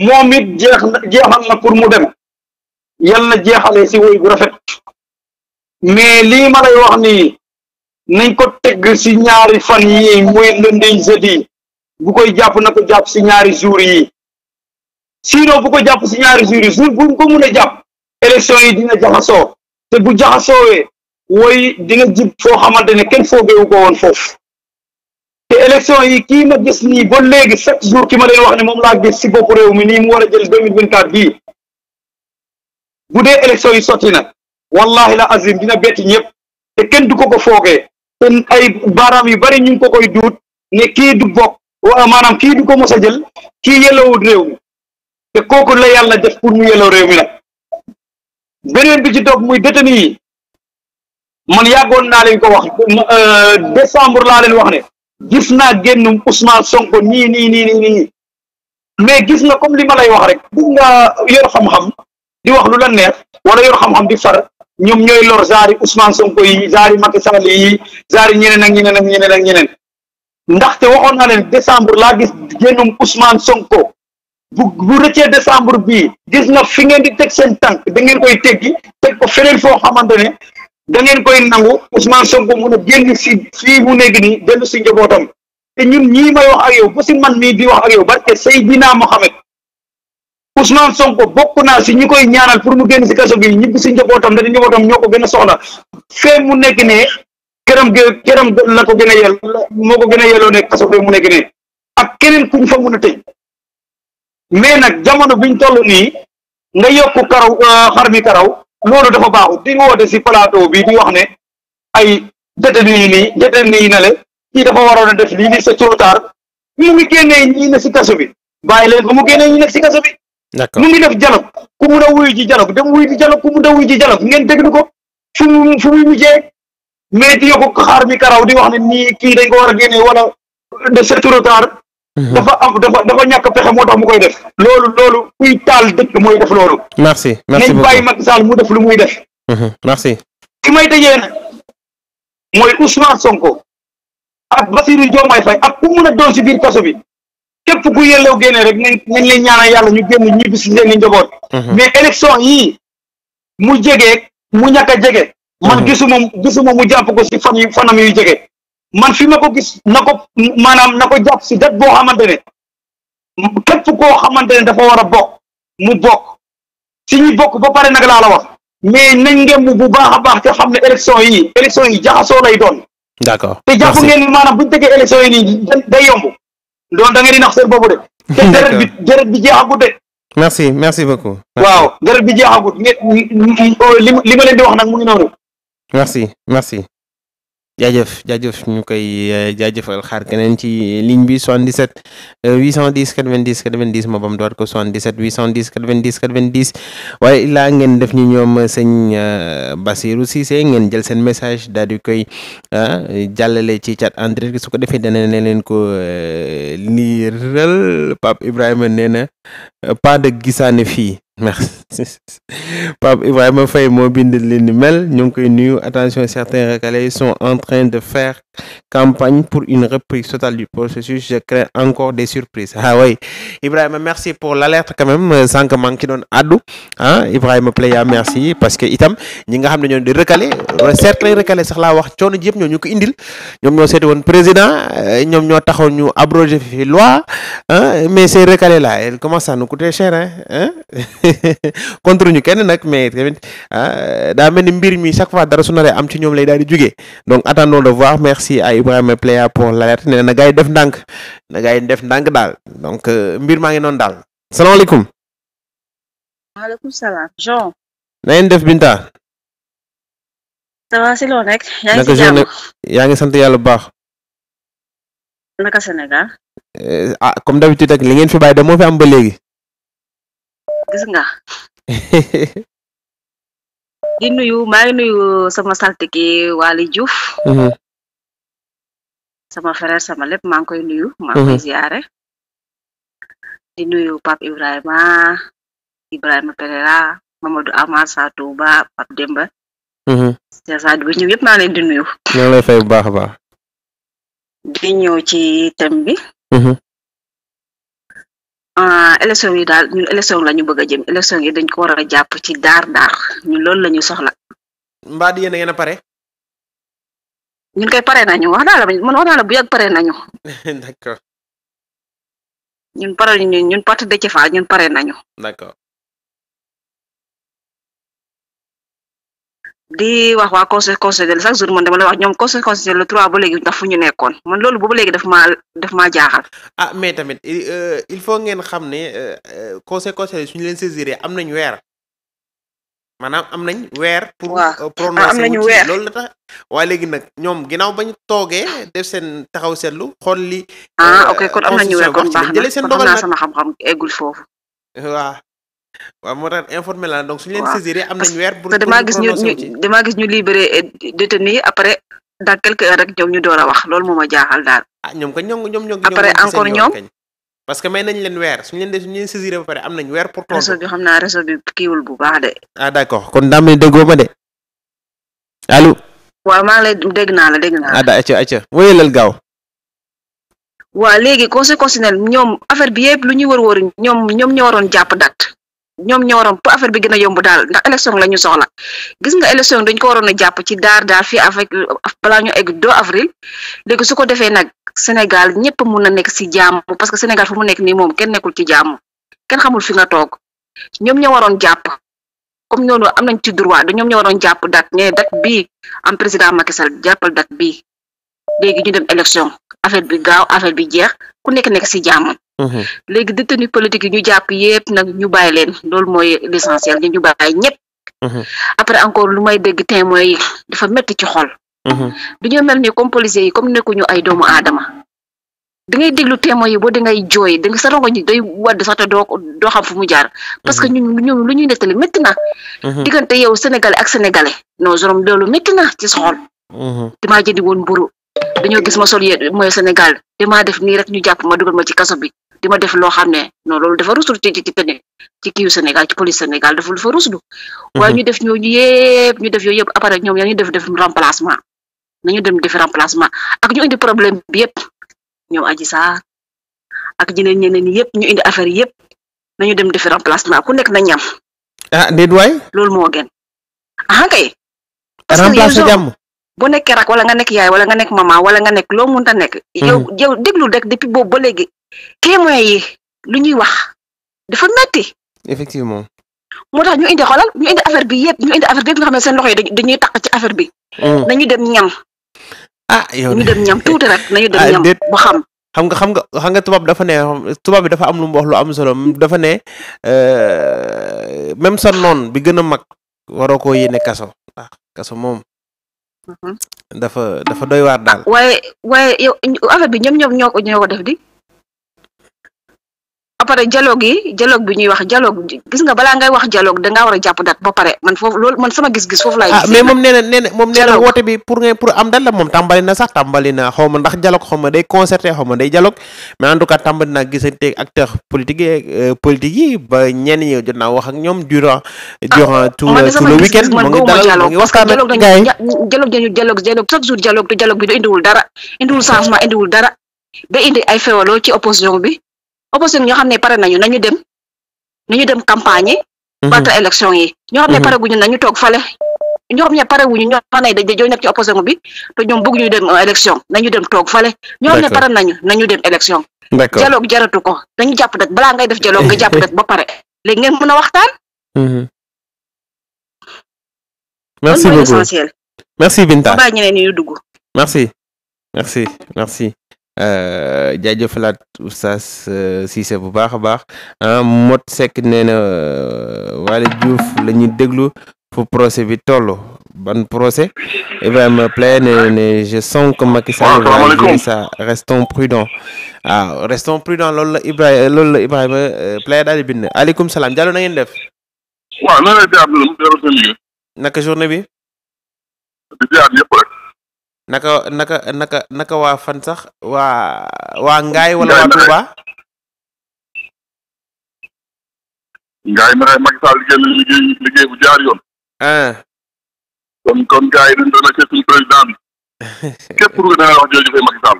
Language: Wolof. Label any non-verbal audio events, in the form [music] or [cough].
moom it jeex na jeexal na pour mu dem yal na jeexalee si woy bu rafet mais lii ma lay wax nii nañ ko tegg si ñaari fan yi muy lundi jeudi bu koy jàpp na ko jàpp si ñaari jours yi sinon bu ko jàpp si ñaari jours yi jour bu mu ko mun a jàpp élection yi dina jaxasoo te bu jaxasoowee woy dina jib foo xamante ne kenn foogeewu ko woon foofu te élection yi kii ma gis nii ba léegi chaque jour ki ma leen wax ne moom laa gis si bopp réew mi nii mu war a jël deux mille vingt quatre bii bu dee élection yi sotti na wallahi la azim dina betti ñëpp te kenn du ko ko foogee te ay baaraam yu bari ñu ngi ko koy duut ne kii du bokk wa maanaam kii du ko mos a jël kii yellowul réew mi te kooku la yàlla def pour mu yellow réew mi nag beneen bi ci topp muy détenu yi man yàggoon naa leen ko wax euh, décembre laa leen wax ne gis naa génnum Ousmane Sonko nii nii nii nii nii mais gis na comme li ma lay wax rek bu nga yor xam-xam di wax lu la neex wala yor xam-xam di far ñoom ñooy lor zaari Ousmane Sonko yi zaari Macky Sall yi zaari ñeneen ak ñeneen ak ñeneen ak ñeneen ndaxte waxoon naa leen décembre laa gis génnum Ousmane Sonko bu bu rëccee décembre bi gis na fi ngeen di teg seen tànk da ngeen koy teggi teg ko feneen foo xamante ne da ngeen koy nangu Ousmane Sonko mën a génn si fii mu nekk nii dellu si njabootam te ñun ñii may wax ak yow ba si man mii di wax ak yow barke Seydina Mohamed Ousmane Sonko bokk naa si ñi koy ñaanal pour mu génn si kaso bi ñibbi si njabootam ndax njabootam ñoo ko gën a soxla fee mu nekk ne këram këram la ko gën a yel moo ko gën a yelloo ne kaso fee mu nekk ne ak keneen kuñ fa mën a tëj mais nag jamono biñ toll nii nga yokk karaw euh, xar mi karaw. loolu dafa baaxul di nga woote si plateau bi di wax ne ay détenu yi nii détenu yi na le kii dafa waroon a def lii lii c'est trop tard mu ngi génnee ñii ne si kaso bi bàyyi leen ba mu génnee ñi nekk si kaso bi mu ngi def dialogue ku mun a wuyu ji dialogue dem wuyu ji dialogue ku mun a wuyu ji dialogue ngeen déglu ko fu mu fu muy mujjee mais di yokk xaar mi karaw di wax ne nii kii dañ ko war a génnee wala de c'est trop tard dafa am dafa dafa ñàkk pexe moo tax mu koy def. loolu loolu kuy taal dëkk mooy def loolu. merci merci beaucoup nañ bàyyi Macky Sall mu def lu muy def. Mhm, merci. ki may tëjee nag mooy Ousmane Sonko ak Bassirou Diomaye Faye ak ku mun a doon si biir kaso bi képp ku yellew génne rek nañ nañ leen yàlla ñu génn ñibbi si seen i njaboot. Mhm. mais élection mu jege mu ñàkk a jege. man mhm. gisuma gisuma mu jàpp ko si fan yi fanam yu jege. man fi ma ko gis na ko maanaam na ko jàpp si dat boo xamante ne képp koo xamante ne dafa war a bokk mu bokk si ñi bokk ba pare nag laa la wax mais nañ ngeen bu baax a baax te xam ne élection yi élection yi jaxasoo lay doon. d'accord te jàpp ngeen ni maanaam bu ñu tëggee élection yi nii day yomb loolu da ngeen di nax seen boobu de. te deret bi deret bi de. merci merci beaucoup. waaw deret bi jeexagut li ma leen di wax nag mu ngi noonu. merci merci. jaajëf jaajëf ñu koy eh, jaajëfal xaar keneen ci ligne bi 77 810 90 90 ma bam doot ko 77 810 90 90 waaye laa ngeen def ñu ñoom eh, sëñ eh, Basirou Cissé ngeen jël seen message daal di koy jàllale ci chat en direct su ko defee de ne leen ko liiral Pape Ibrahima nee na pas de gisaane fii merci [laughs] Pape Ibrahima Faye moo bind li ni mel ñu ngi koy nuyu attention certains recalés sont en train de faire campagne pour une reprise totale du processus je crains encore des surprises ah oui Ibrahima merci pour l'alerte quand même sànq maa ngi ci doon addu ah Ibrahima Pleya merci parce que itam ñi nga xam ne ñoo di recalé euh, certains recalé sax laa wax coono ji yëpp ñoo ñu ko indil ñoom ñoo seeti woon président euh, ñoom ñoo taxaw ñu abrogé fi loi ah, mais ces recalés la elle commence à nous coûter cher hein [laughs] contre ñu kenn nag mais tamit ah, daa mel ni mbir mi chaque fois dara su am ci ñoom lay daal di jugee a à a Pleya pour l'alerte nee na gars yi def ndànk na gars def ndànk daal donc euh, mbir maa ngi noonu daal salaamaaleykum. maaleykum salaam na ngeen def Binta. ça va si loo nekk. yaa ngi si sant yàlla bu baax. naka Sénégal. Euh, ah comme d'habitude rek li ngeen fi bàyyi de moo fi am ba léegi. gis nga. [laughs] nuyu maa ngi nuyu sama Diouf. Mhm. sama frère sama lépp maa ngi koy nuyu. maa ngi koy mhm. ziare. di nuyu Pape Ibrahima Ibrahima Pereira Mamadou Amar Satouba Pape Demba. Cheikh mhm. Sadibou ñoom yëpp maa leen di nuyu. ñoo lay fay bu baax a baax. di ñëw ci thème bi. Mhm. Ah, élection yi daal ñun élection la ñu bëgg a jëm élection yi dañ ko war a jàpp ci daar daar ñun loolu la ñu soxla. mba di yéen a pare. ñun koy pare nañu wax naa la man wax naa la bu yàgg pare nañu. [laughs] d'accord. ñun pare ñun ñun parti de ci fa ñun pare nañu. d'accord. di wax waa conseil constitutionnel chaque jour man dama la wax ñoom conseil le trois ba léegi ndax fu ñu nekkoon man loolu boobu léegi daf maa daf maa jaaxal. ah mais tamit il euh, faut ngeen xam ne euh, euh, conseil constitutionnel ñu leen saisir am nañ weer. maanaam am nañ weer. pour euh, prononcé wu ci loolu la tax. léegi nag ñoom ginnaaw bañ toogee def seen taxaw seetlu xool li. ah euh, ok kon am nañu weer kon baax na kon naa sama xam-xam eggul foofu. waaw waaw a tax informé la donc suñu leen saisir am nañ weer. pour pour damaa gis ñu ñu damaa gis ñu libéré euh, détenu après dans quelques heures rek ñoom ñu door a wax loolu moo ma jaaxal daal. ah ñoom ko ñoom ñoom ñoo ngi. après encore ñoom parce que may nañ leen weer suñ leen de suñ leen saisir ba pare am nañ weer pour. tontu réseau bi xam naa réseau bi kiiwul bu baax de. ah d'accord kon ma de dégg naa la dégg naa la. ah waa léegi conseil constitutionnel ñoom affaire bi yëpp lu ñuy wër wër ñoom ñoom ñoo waroon jàpp date ñoom ñoo waroon affaire bi gën a yomb daal ndax élection la ñu soxla gis nga élection dañ ko waroon a jàpp ci daar daar fi avec balaa ñu egg 2 avril léegi su ko defee nag Sénégal ñëpp mun na nekk si jàmm parce que Sénégal fu mu nekk nii moom kenn nekkul ci jàmm kenn xamul fi nga toog ñoom ñoo waroon jàpp comme ñooñu am nañ ci droit da ñoom ñoo waroon jàpp date ñe date bii am président Macky Sall jàppal date bii léegi ñu dem élection affaire bi gaaw affaire bi jeex ku nekk nekk si jàmm. Mhm. léegi détenu politique yi ñu jàpp yépp nag ñu bàyyi leen loolu mooy l'essentiel ñu bàyyi ñëpp. Mhm. après encore lu may dégg témoin mooy dafa metti ci xol. Mm-hmm. du ñu mel ni comme policiers yi comme nekkuñu ay doomu aadama da ngay déglu témoins yi boo da ngay jooy da nga sa rongo ñi day wadd sax te doo doo xam fu mu jaar. parce que mm-hmm. ñun ñoom lu ñuy nettali métti na. Mm-hmm. diggante yow sénégalais ak sénégalais non jorom loolu métti na ci soxol. damaa jëndi woon mburu dañoo gis ma sol yéen mooy di damaa def nii rek ñu jàpp ma dugal ma ci kaso bi di ma def loo xam ne non loolu dafa rusul ci ci tene ci kiiw Sénégal ci police Sénégal dafa lu fa ruslu. waaye ñu def ñooñu yëpp ñu def yooyu yëpp après ñoom yaa def def remplacement. nañu dem defi remplacement ak ñu indi problème bi yëpp ñoom aji saar ak ñeneen ñeneen yëpp ñu indi affaire yëpp nañu dem defi remplacement ku nekk na ñam. ah déet waay. loolu moo gën ah kay. remplacé jàmm bu nekkee rak wala nga nekk yaay wala nga nekk mama wala nga nekk loo mënta nekk. Hmm. yow yow déglu rek depuis boobu ba léegi témoins lu ñuy wax dafa metti effectivement. moo tax ñu indi xolal ñu indi affaire bi yëpp ñu indi affaire bi yëpp nga xam ne seen loxo yi dañuy takk ci affaire bi. Hmm. nañu dem ñam ah yow ñu dem ñam tuuti rek nañu dem ah, ñam bu xam. xam nga xam nga xam nga tubaab dafa ne tubaab bi dafa am lu mu wax lu am solo dafa ne euh, même sa noon bi gën a mag waroo koo yéene kaso ah, kaso moom. Mhm. dafa dafa doy waar daal. waaye waaye yow affaire bi ñoom ñoom ño def di. pare dialogue yi dialogue bi wax dialogue gis nga balaa ngay wax dialogue dangaa war a jàpp dat ba pare man foofu lool man sama gis-gis foofu laay ah, gis mais moom nee na nee na moom nee na woote bi pour nga pour am dal la moom tàmbali na sax tàmbali na xaw ma ndax dialogue xaw ma day concerté xaw ma day dialogue mais en tout cas tàmbali euh, ba ñenn ñi naa wax ak ñoom durant ah, durant tout euh, le week-end mu ngi dalal mu ngi waxtaan ak gars yi dialogue dañu dialogue dialogue chaque jour dialogue te dialogue bi du indiwul dara indiwul changement indiwul dara da indi ay feewaloo ci opposition bi opposition bi ñoo xam ne pare nañu nañu dem nañu dem campagne mhm. battre élection yi ñoo xam ne mhm. pare guñu nañu toog fale ñoo xam ne pare wuñu ñoo xam ne dañoo nekk ci opposition bi te ñoom bëgg ñu dem euh, élection nañu dem toog fale ñoo xam ne pare nañu nañu dem élection dialogue jaratu ko dañu jàpp dat balaa ngay def dialogue nga jàpp dat ba pare léegi ngeen mën a waxtaan mhm. merci beaucoup essentiel merci Binta bàyyi ñeneen ñu dugg merci merci merci Euh, jaajëfalaat oustaz euh, si bu baax a baax ah, mot sekk nee na euh, Waly Diouf la ñuy déglu fu procès bi toll ban procès Ibrahima Play ne ne je sens que Macky Sall va gérer ça ah, restons prudents loolu la Ibrahima loolu la Ibrahima Play daal di bind aleykum salaam Diallo na ngeen def. naka journée bi. naka naka naka naka waa fan sax waa waa ngaay wala waa Touba. ngaay na xëy Macky Sall liggéey na liggéey liggéey bu jaar yoon. Ah. kon kon gars yi dañu doon ak suñu président nga [laughs] dana wax jërëjëf Macky Sall.